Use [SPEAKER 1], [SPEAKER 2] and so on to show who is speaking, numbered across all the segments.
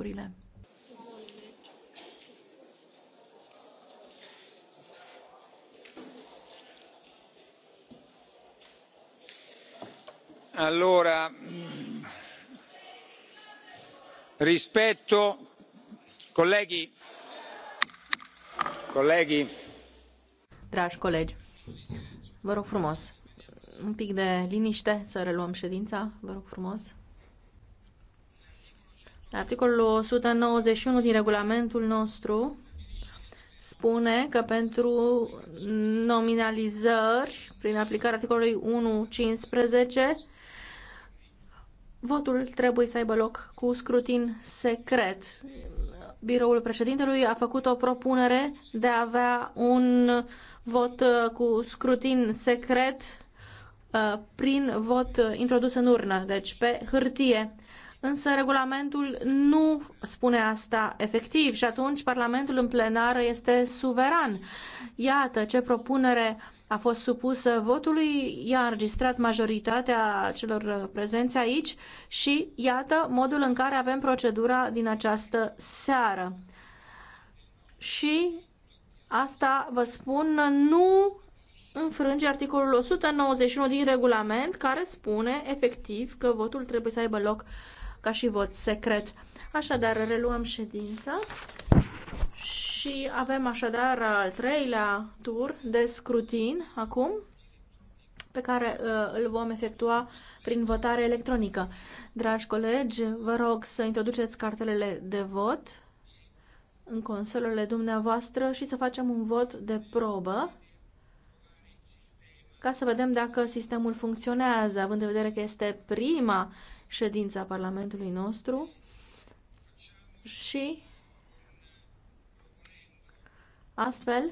[SPEAKER 1] locurile.
[SPEAKER 2] Allora, rispetto, colleghi, colleghi.
[SPEAKER 1] Dragi colegi, vă rog frumos, un pic de liniște să reluăm ședința, vă rog frumos. Articolul 191 din regulamentul nostru spune că pentru nominalizări, prin aplicarea articolului 1.15, votul trebuie să aibă loc cu scrutin secret. Biroul președintelui a făcut o propunere de a avea un vot uh, cu scrutin secret uh, prin vot introdus în urnă, deci pe hârtie însă regulamentul nu spune asta efectiv și atunci Parlamentul în plenară este suveran. Iată ce propunere a fost supusă votului, i a înregistrat majoritatea celor prezenți aici și iată modul în care avem procedura din această seară. Și asta vă spun, nu înfrânge articolul 191 din regulament care spune efectiv că votul trebuie să aibă loc uh, ca și vot secret. Așadar, reluăm ședința și avem așadar al treilea tur de scrutin acum pe care uh, îl vom efectua prin votare electronică. Dragi colegi, vă rog să introduceți cartelele de vot în consolele dumneavoastră și să facem un vot de probă ca să vedem dacă sistemul funcționează, având în vedere că este prima ședința Parlamentului nostru și astfel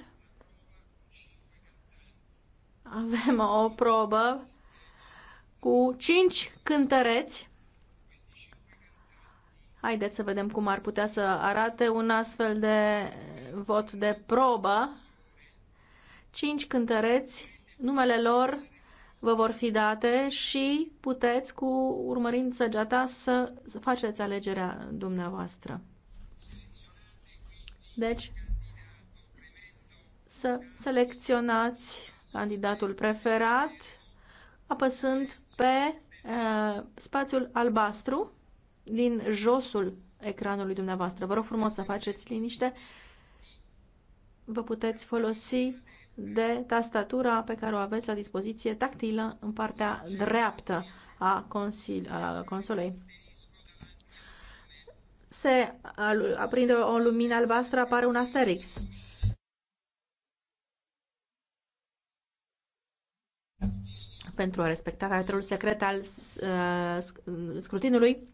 [SPEAKER 1] avem o probă cu cinci cântăreți. Haideți să vedem cum ar putea să arate un astfel de vot de probă. Cinci cântăreți, numele lor vă vor fi date și puteți, cu urmărind săgeata, să faceți alegerea dumneavoastră. Deci, să selecționați candidatul preferat apăsând pe uh, spațiul albastru din josul ecranului dumneavoastră. Vă rog frumos să faceți liniște. Vă puteți folosi de tastatura pe care o aveți la dispoziție tactilă în partea dreaptă a, consil, a consolei. Se aprinde o lumină albastră, apare un asterix. Pentru a respecta caracterul secret al uh, scrutinului,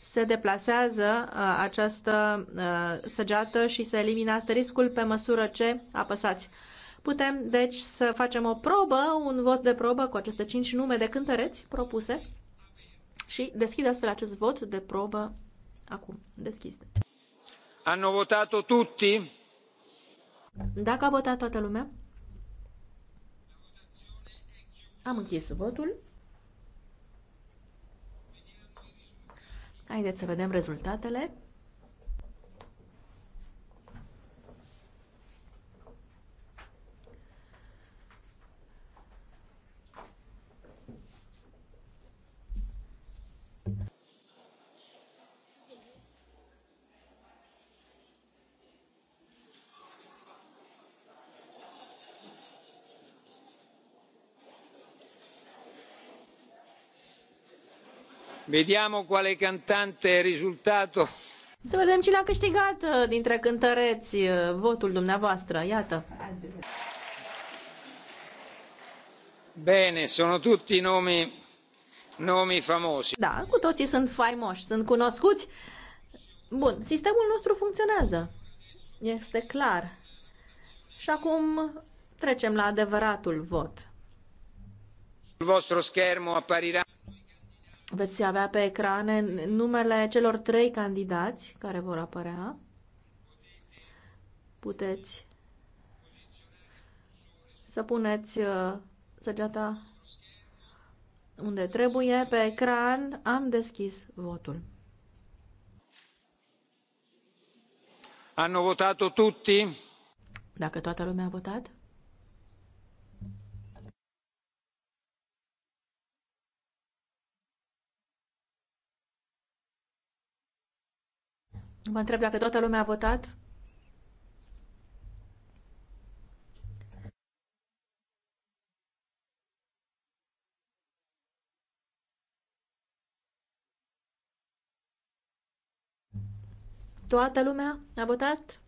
[SPEAKER 1] se deplasează uh, această uh, săgeată și se elimina riscul pe măsură ce apăsați. Putem, deci, să facem o probă, un vot de probă cu aceste cinci nume de cântăreți propuse și deschid astfel acest vot de probă acum. Deschis.
[SPEAKER 2] Hanno votato tutti?
[SPEAKER 1] Dacă a votat toată lumea? Am închis votul. Haideți să vedem rezultatele.
[SPEAKER 2] Vediamo quale cantante è risultato.
[SPEAKER 1] Să vedem cine a câștigat uh, dintre cântăreți uh, votul dumneavoastră. Iată.
[SPEAKER 2] Bene, sono tutti nomi, nomi famosi.
[SPEAKER 1] Da, cu toții sunt faimoși, sunt cunoscuți. Bun, sistemul nostru funcționează. Este clar. Și acum trecem la adevăratul vot.
[SPEAKER 2] Il vostro schermo apparirà
[SPEAKER 1] veți avea pe ecrane numele celor trei candidați care vor apărea. Puteți să puneți uh, săgeata unde trebuie. Pe ecran am deschis votul.
[SPEAKER 2] Hanno votato tutti?
[SPEAKER 1] Dacă toată lumea a votat? Vă întreb dacă toată lumea a votat. Toată lumea a votat?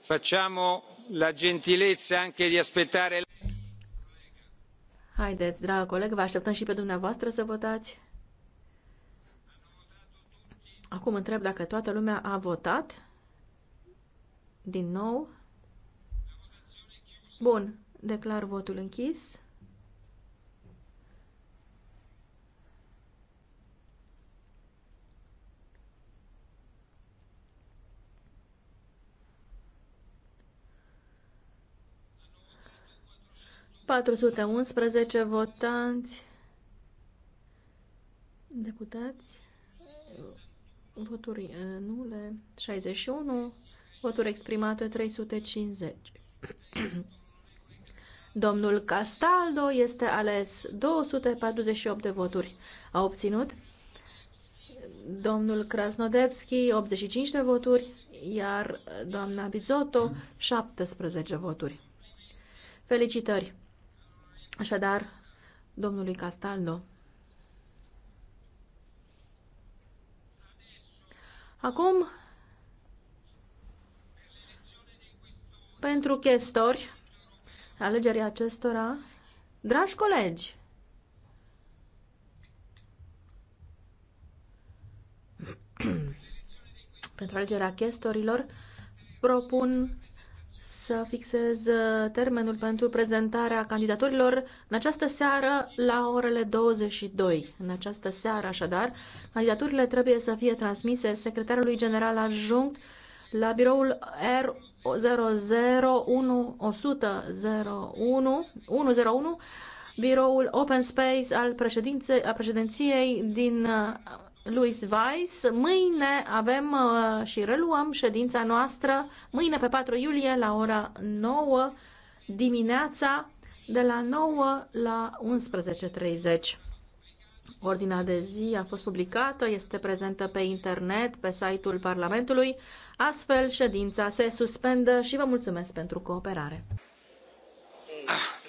[SPEAKER 2] Facciamo la gentilezza anche di aspettare
[SPEAKER 1] Haideți, dragă coleg, vă așteptăm și pe dumneavoastră să votați. Acum întreb dacă toată lumea a votat. Din nou. Bun, declar votul închis. 411 votanți, deputați, voturi nule, 61, voturi exprimate 350. Domnul Castaldo este ales 248 de voturi. A obținut domnul Krasnodebski 85 de voturi, iar doamna Bizotto 17 voturi. Felicitări! Așadar, domnului Castaldo. Acum, pentru chestori, alegerii acestora, dragi colegi, pentru alegerea chestorilor, propun să fixez uh, termenul pentru prezentarea candidaturilor în această seară la orele 22. În această seară, așadar, candidaturile trebuie să fie transmise secretarului general adjunct la biroul R001101 biroul Open Space al președinței, a președinției din uh, Luis Weiss. Mâine avem uh, și reluăm ședința noastră, mâine pe 4 iulie la ora 9 dimineața, de la 9 la 11.30. Ordinea de zi a fost publicată, este prezentă pe internet, pe site-ul Parlamentului. Astfel, ședința se suspendă și vă mulțumesc pentru cooperare.
[SPEAKER 3] Ah.